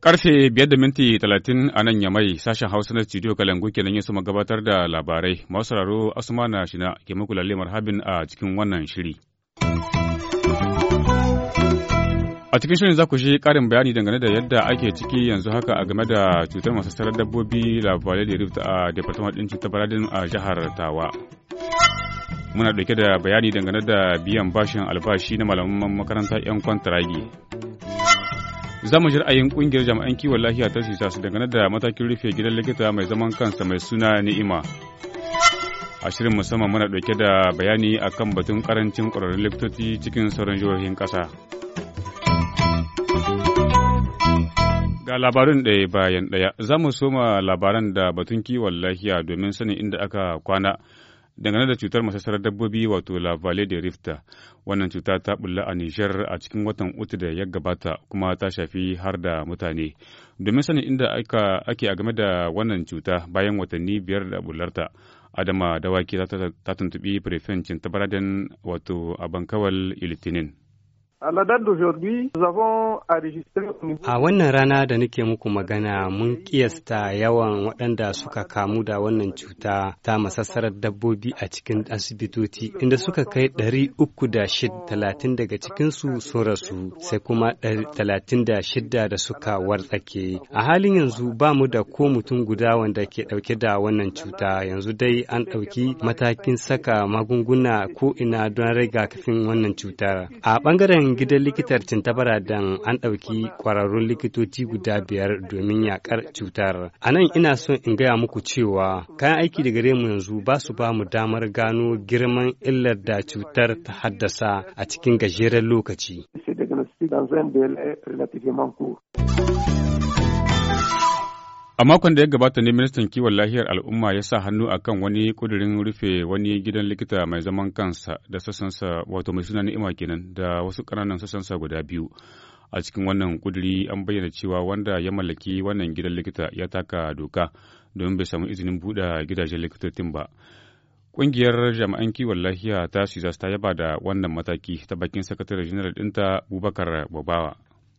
Karfe biyar da minti talatin a nan Yamai, sashen Hausa na studio Kalangu kenan ya suma gabatar da labarai. Masu sauraro Asuma na shina ke muku lalle marhabin a cikin wannan shiri. A cikin shirin za ku shi ƙarin bayani dangane da yadda ake ciki yanzu haka a game da cutar masassarar dabbobi labarai da rift a Departement ɗin cutar Baradin a jihar Tawa. Muna ɗauke da bayani dangane da biyan bashin albashi na malaman makaranta 'yan kwantaragi. Za mu ji ra'ayin ƙungiyar jami'an kiwon lafiya ta sisa su dangane da matakin rufe gidan likita mai zaman kansa mai suna Ni'ima. A shirin musamman muna dauke da bayani akan batun ƙarancin ƙwararrun likitoci cikin sauran jihohin Kasa. Ga labarin ɗaya bayan ɗaya, za mu soma labaran da batun kiwon lafiya domin sanin inda aka kwana dangane da cutar masasar dabbobi wato La Valle de Rifta. Wannan cuta ta bulla a Nijar a cikin watan Utu da ya gabata kuma ta shafi har da mutane. Domin sanin inda ake a game da wannan cuta bayan watanni biyar da bullarta. Adama Dawaki ta tuntubi Firifin Cintabaraden wato a Bankawal Ilitinin. A wannan rana da nake muku magana mun kiyasta yawan waɗanda suka kamu da wannan cuta ta masassarar dabbobi a cikin asibitoci inda suka kai ɗari uku da talatin daga cikinsu sun rasu sai kuma talatin da shidda da suka wartsake. A halin yanzu ba mu da ko mutum guda wanda ke ɗauke da wannan cuta yanzu dai an ɗauki matakin saka magunguna ko ina don rigakafin wannan cutar. A ɓangaren nan gidan likitar tintabara dan an ɗauki kwararrun likitoci guda biyar domin yakar cutar. A nan ina son in gaya muku cewa kayan aiki da gare mu yanzu ba su ba mu damar gano girman illar da cutar ta haddasa a cikin gajeren lokaci. A makon da ya gabata ne ministan kiwon lahiyar al'umma ya sa hannu a kan wani kudirin rufe wani gidan likita mai zaman kansa da sassansa wato mai suna ni'ima kenan da wasu ƙananan sassansa guda biyu. A cikin wannan kudiri an bayyana cewa wanda ya mallaki wannan gidan likita ya taka doka domin bai samu izinin buɗe gidajen likitocin ba. Ƙungiyar jami'an kiwon lafiya ta Sizas ta yaba da wannan mataki ta bakin sakatare janar ɗinta Bubakar Babawa.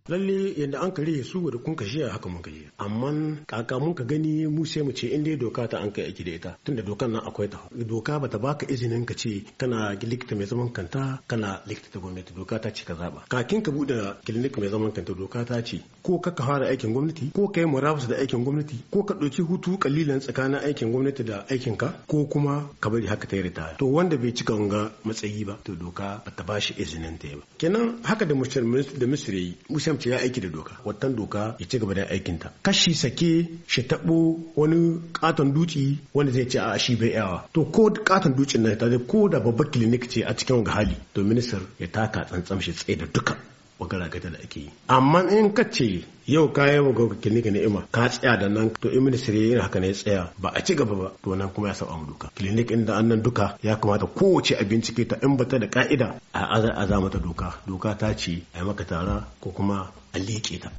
lalle yadda an kare su da kun kashe haka mun kashe amma kaka mun ka gani mu sai mu ce in dai doka ta an kai aiki da ita tunda dokan nan akwai ta doka bata baka izinin ka ce kana likita mai zaman kanta kana likita ta gwamnati doka ta ce ka zaba kakin ka bude clinic mai zaman kanta doka ta ce ko ka ka fara aikin gwamnati ko ka kai murabus da aikin gwamnati ko ka ɗauki hutu kalilan tsakanin aikin gwamnati da aikin ka ko kuma ka bari haka ta ritaya to wanda bai cika wanga matsayi ba to doka bata bashi izinin ta ba kenan haka da mu da misri mushar kasance ya aiki da doka wattan doka ya ci gaba da aikinta kashi sake shi tabo wani katon dutse wanda zai ce a shi bai yawa to ko katon dutsen nan ta ko da babbar clinic ce a cikin gahali to minister ya taka tsantsan shi tsaye da duka magana gata da ake yi amma in ka ce yau ka yi wa gwamnati ka ni'ima ka tsaya da nan to in ministry yin haka ne ya tsaya ba a ci gaba ba to nan kuma ya saba mu duka clinic inda an nan duka ya kamata kowace a bincike ta in bata da ka'ida a a mata doka doka ta ce a yi maka tara ko kuma a leƙe ta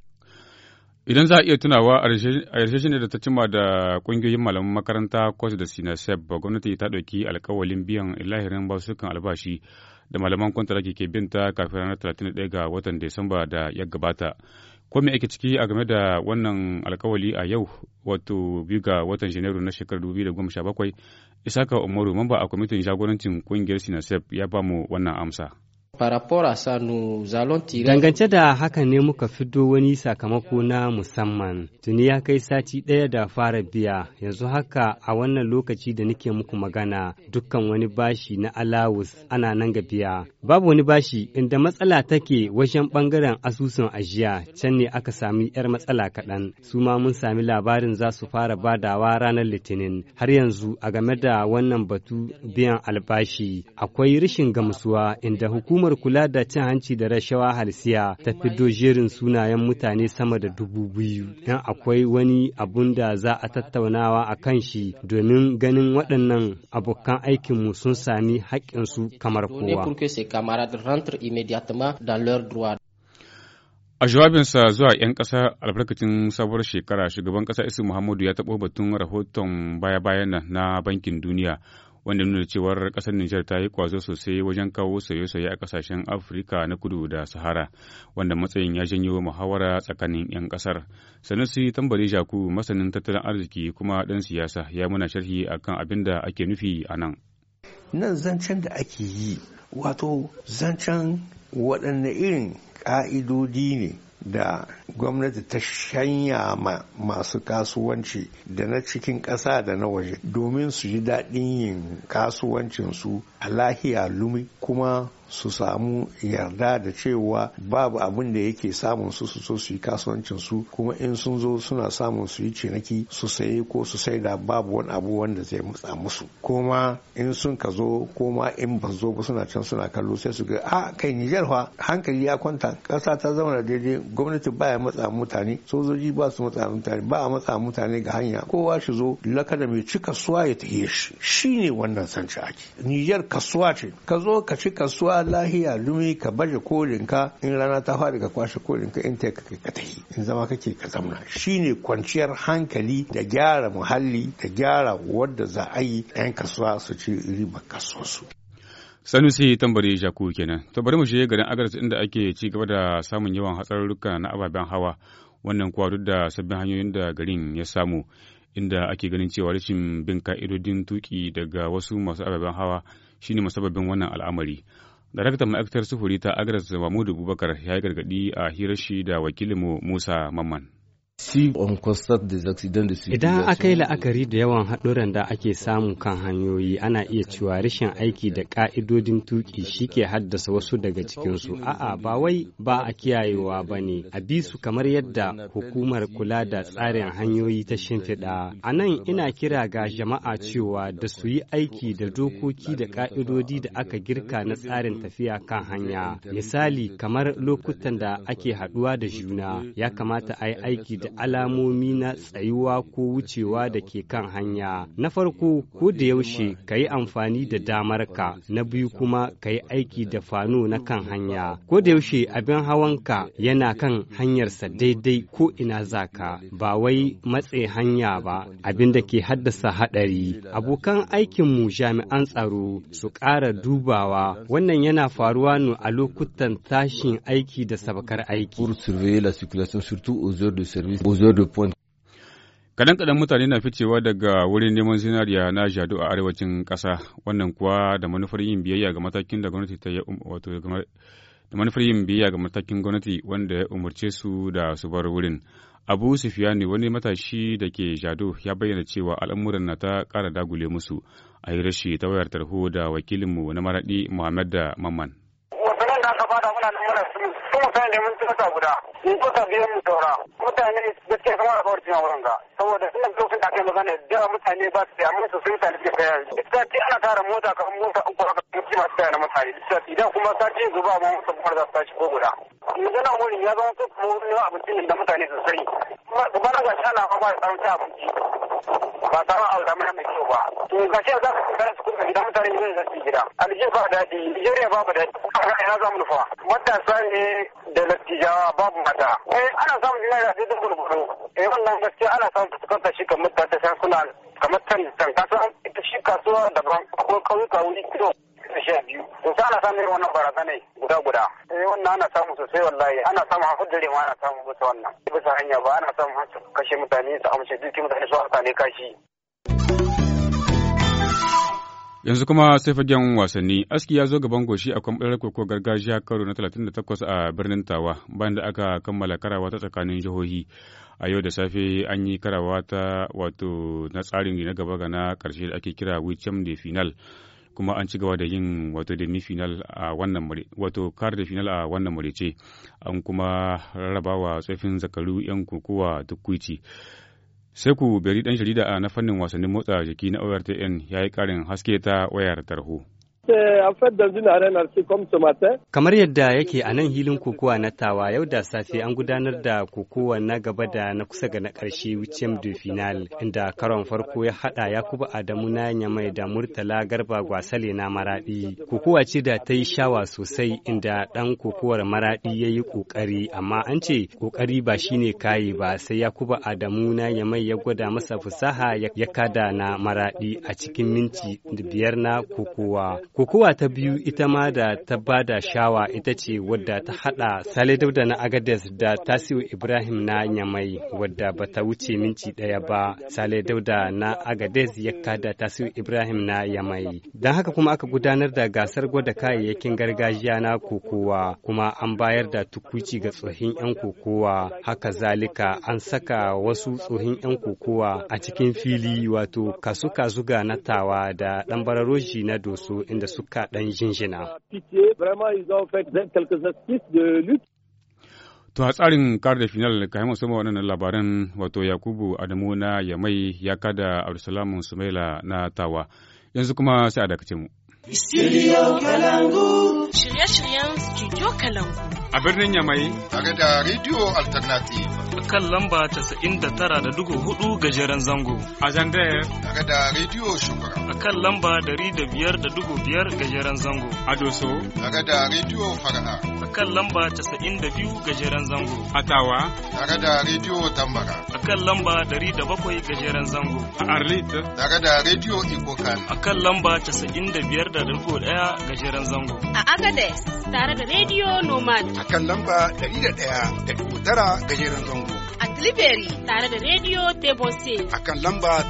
idan za a iya tunawa a shi ne da ta cima da kungiyoyin malaman makaranta kwas da sinasef gwamnati ta ɗauki alkawalin biyan lahirin basukan albashi da malaman kwantaraki ke binta kafin ranar 31 ga watan Desamba da ya gabata. Ko me ake ciki a game da wannan alkawali a yau wato biyu ga watan Janairu na shekarar 2017 Isaka Umaru mamba a kwamitin jagorancin kungiyar Sinasef ya ba wannan amsa. Dangance da haka ne muka fito wani sakamako na musamman, tuni ya kai sati ɗaya da fara biya, yanzu haka a wannan lokaci da nake muku magana dukkan wani bashi na alawus ana nan ga biya. Babu wani bashi inda matsala take wajen ɓangaren asusun ajiya, can ne aka sami 'yar matsala kaɗan, su ma mun sami labarin za su fara badawa ranar Litinin. Har yanzu a game da wannan batu biyan albashi akwai rashin gamsuwa inda hukumar hukumar kula da cin hanci da rashawa halsiya ta fiddo jerin sunayen mutane sama da dubu biyu don akwai wani abun da za a tattaunawa a kan shi domin ganin waɗannan abokan aikinmu sun sami haƙƙinsu kamar kowa. A jawabinsa zuwa 'yan ƙasa albarkacin sabuwar shekara, shugaban ƙasa Isu Muhammadu ya taɓo batun rahoton baya-bayan na Bankin Duniya wanda nuna cewar ƙasar Nijar ta yi kwazo sosai wajen kawo soyayya saye a ƙasashen Afirka na kudu da Sahara, wanda matsayin ya janyo muhawara tsakanin 'yan ƙasar. Sanusi Tambari Jaku masanin tattalin arziki kuma ɗan siyasa ya muna sharhi akan abin da ake nufi a nan. Nan zancen da ake yi, wato zancen waɗanne irin ƙa'idodi ne da gwamnati ta shanya ma masu kasuwanci da na cikin ƙasa da na waje domin su ji daɗin yin kasuwancinsu a lahiya lumi kuma su samu yarda da cewa babu abin da yake samun su su so su yi kasuwancin su kuma in sun zo suna samun su yi ciniki su saye ko su da babu wani abu wanda zai matsa musu kuma in sun ka zo koma in ba zo ba suna can suna kallo sai su ga a kai Nijar fa hankali ya kwanta kasa ta zama da daidai gwamnati baya matsa mutane sojoji ba su matsa mutane ba a matsa mutane ga hanya kowa shi zo lakada mai ci kasuwa ya tafiye shi shine wannan sanci ake Nijar kasuwa ce ka zo ka ci kasuwa lahiya lumi ka baje kolinka in rana ta fara ka kwashe kolinka in ta kai ka tahi in zama kake ka zamna shine kwanciyar hankali da gyara muhalli da gyara wadda za a yi 'yan kasuwa su ci riba kasuwarsu. sanusi tambari shaku kenan to bari mu shiga garin agarsu inda ake ci gaba da samun yawan hatsarurruka na ababen hawa wannan kuwa duk da sabbin hanyoyin da garin ya samu inda ake ganin cewa rashin bin ka'idodin tuki daga wasu masu ababen hawa shine musabbabin wannan al'amari Daraktan ma'aikatar sufuri ta Agnes Mahmudu Bubakar ya yi gargaɗi a hirar shi da wakilinmu Musa Mamman. Idan aka yi la'akari da yawan haɗuran da ake samu kan hanyoyi ana iya cewa rashin aiki da ƙa'idodin tuƙi shi ke haddasa wasu daga cikinsu. A'a ba wai ba a kiyayewa ba ne, a bi su kamar yadda hukumar kula da tsarin hanyoyi ta shimfiɗa. A nan ina kira ga jama'a cewa da su yi aiki da dokoki da ƙa'idodi da aka girka na tsarin tafiya kan hanya. Misali kamar lokutan da ake haɗuwa da juna, ya kamata a yi aiki da alamomi na tsayuwa ko wucewa da ke kan hanya. Na farko, ko da yaushe ka yi amfani da damarka, na biyu kuma ka yi aiki da fano na kan hanya. Ko da yaushe abin hawan ka yana kan hanyarsa daidai ko ina zaka, ba wai matse hanya ba, abin da ke haddasa haɗari. Abokan aikinmu jami'an tsaro su ƙara dubawa, wannan yana faruwa ne a lokutan tashin aiki da sabakar aiki. Kadan kadan mutane na ficewa daga wurin neman zinariya na jadu a arewacin ƙasa wannan kuwa da manufar yin biyayya ga matakin da gwamnati ta yi um, wato da manufar yin biyayya ga matakin gwamnati wanda ya umarce su da su bar wurin. Abu Sufiyani wani matashi da ke jadu ya bayyana cewa al'amuran na ta ƙara dagule musu a yi rashi ta wayar tarho da wakilinmu na maraɗi Muhammad da Mamman. mutane mun tsaka guda mun kusa biyan mu saura mutane gaskiya kamar a kawar jima wurin ga saboda suna zo sun kai magana da mutane ba su amma su sun tsani ke kai gaskiya ce ana tara mota kan mota an kura kamar kima su tsaye na mutane da idan kuma sati zuba ma mutum kuma za su tashi ko guda magana wuri ya zama su kuma wani abincin da mutane su sani kuma gaba na gashi ana kwakwa da tsaron abinci ba samu a zama mai kyau ba to ga shi za ka kare su kuma gidan mutane ne za su gida aljeriya ba daɗi nigeria ba ba daɗi kuma ina za mu nufa matasa ne da lattijawa babu mata eh ana samun jina da sai da gurguru eh wannan gaskiya ana samu fuskantar shi kamar ta ta suna kamar tan tan kasuwa ita shi kasuwa daban akwai kauyuka wuri kyau sha biyu to sai ana samun irin wannan barazanai guda guda eh wannan ana samu sosai wallahi ana samu hafu dare ma ana samu bisa wannan bisa hanya ba ana samu kashe mutane su amshe duki mutane su amsa ne kashi Yanzu kuma sai fagen wasanni, aski ya zo gaban goshi a kwamɓalar koko gargajiya karo na 38 a birnin Tawa bayan da aka kammala karawa ta tsakanin jihohi. A yau da safe an yi karawa ta wato na tsarin na gaba ga na karshe da ake kira Wicham de Final. kuma an ci gaba da yin wato demi final a wannan mure wato kar da final a wannan ce an kuma rarrabawa tsofin zakaru yan kokowa kuici sai ku bari dan jarida na fannin wasannin motsa jiki na ORTN ya yi karin haske ta wayar tarho. Eh, Kamar yadda yake a nan hilin kokowa na tawa yau da safe an gudanar da kokowa na gaba da na kusa ga na karshe wucem de final inda karon farko ya hada Yakubu Adamu na Nyamai da Murtala Garba Gwasale na Maradi. Kokowa ce da ta yi shawa sosai inda dan kokowar Maradi ya yi kokari amma an ce kokari ba shine kayi ba sai Yakubu Adamu na Nyamai ya gwada masa fusaha ya kada na Maradi a cikin minti biyar na kokowa. Kokowa ta biyu ita ma da ta ba da shawa ita ce wadda ta haɗa Sale Dauda na Agades da Tasiu Ibrahim na Nyamai wadda ba ta wuce minci ɗaya ba Sale Dauda na Agades ya kada Tasiu Ibrahim na Yamai. Don haka kuma aka gudanar da gasar gwada kayayyakin gargajiya na kokowa kuma an bayar da tukuci ga tsohin 'yan kokowa haka zalika an saka wasu tsohin 'yan kokowa a cikin fili wato kasu-kasu ga natawa da ɗan na doso inda suka ɗan jinjina. To a tsarin kar da final ka yi musamman wannan labaran wato Yakubu Adamu na Yamai ya kada Abdulsalamu Sumaila na Tawa. Yanzu kuma sai a dakace mu. Studio Kalangu. Shirye-shiryen Studio Kalangu. A birnin Yamai. Tare da Radio Alternative. a kan lamba 99.4 gajeren zango. A Zandayar. Daga da Radio Shugura. A kan lamba 105.5 gajeren zango. A Doso. Daga da Radio Fara'a. A kan lamba 92 gajeren zango. A Tawa. Daga da Radio Tambara. A kan lamba 107 gajeren zango. A Arlit. Daga da Radio Ikokan. A kan lamba 95.1 gajeren zango. A Agades. Tare da Radio Nomad. A kan lamba 101.9 gajeren zango. a Tilibiri tare da Radio Tebose. A kan lamba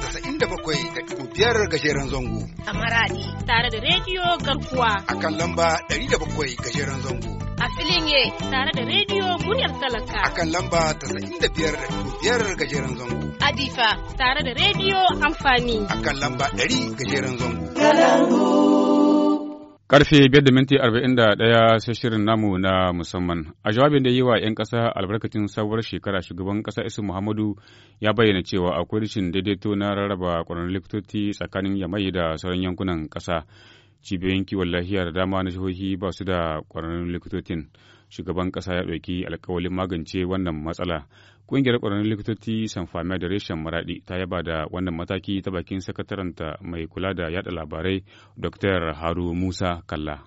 biyar gajeren zango. A Maradi tare da Radio Garkuwa. A kan lamba bakwai gajeren zango. A Filinge tare da Radio Muryar Talaka. A kan lamba biyar gajeren zango. A Difa tare da Radio Amfani. A kan lamba 100 gajeren zango. Kalangu. Karfe biyar da minti arba'in da ɗaya sai shirin namu na musamman. A jawabin da yi wa 'yan ƙasa albarkacin sabuwar shekara shugaban ƙasa Isu Muhammadu ya bayyana cewa akwai rashin daidaito na rarraba ƙwararrun likitoci tsakanin yamai da sauran yankunan ƙasa. Cibiyoyin kiwon lafiya da dama na jihohi ba su da ƙwararrun likitocin. shugaban ƙasa ya ɗauki alkawalin magance wannan matsala ƙungiyar ƙwararrun likitoci sanfamiya da reshen maraɗi ta yaba da wannan mataki ta bakin sakataranta mai kula da yada labarai dr haru musa kalla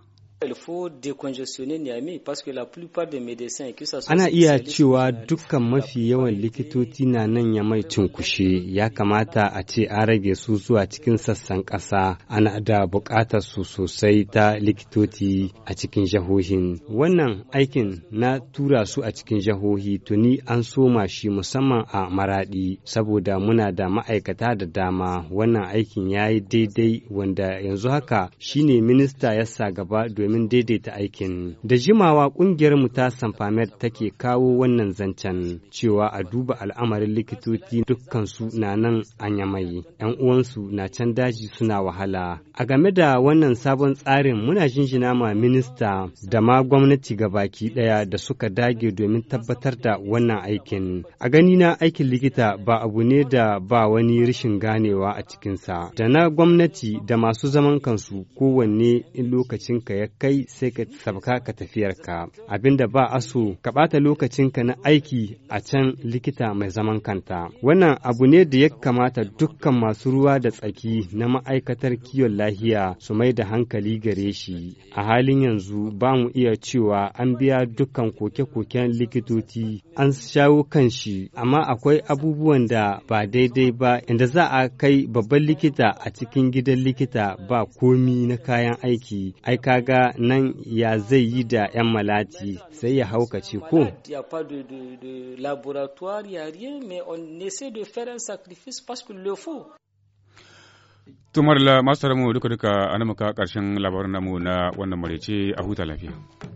Ana iya cewa dukkan mafi yawan likitoci na nan ya mai cunkushe ya kamata a ce an rage su zuwa cikin sassan ƙasa ana da buƙatar su sosai ta likitoci a cikin jahohin. Wannan aikin na tura su a cikin jahohi tuni an soma shi musamman a maraɗi saboda muna da ma'aikata da dama wannan aikin ya yi daidai wanda yanzu haka shine minista ya sa gaba domin daidaita aikin. Da jimawa ƙungiyar mu ta Sanfamed take kawo wannan zancen cewa a duba al'amarin likitoci dukkansu na nan anyamai, ‘yan uwansu na can daji suna wahala. A game da wannan sabon tsarin muna jinjina ma minista da ma gwamnati gabaki ɗaya da suka dage domin tabbatar da wannan aikin. A ganina aikin likita ba abu ne da ba wani rashin ganewa a cikinsa, da na gwamnati da masu zaman kansu kowanne in ka ya kai sai ka sabka ka tafiyarka abinda ba a so ka ɓata lokacinka na aiki a can likita mai zaman kanta wannan abu ne da ya kamata dukkan masu ruwa da tsaki na ma'aikatar kiwon lahiya su mai da hankali gare shi a halin yanzu ba mu iya cewa an biya dukkan koke-koken likitoci an shawo kan shi amma akwai abubuwan da ba daidai ba inda za a kai babban likita a cikin gidan likita ba komi na kayan aiki ai kaga nan ya zai yi da 'yan malati sai ya haukace ko? Tumar la masu taramu duka-duka an muka karshen labarin namu na wannan marece a huta lafiya.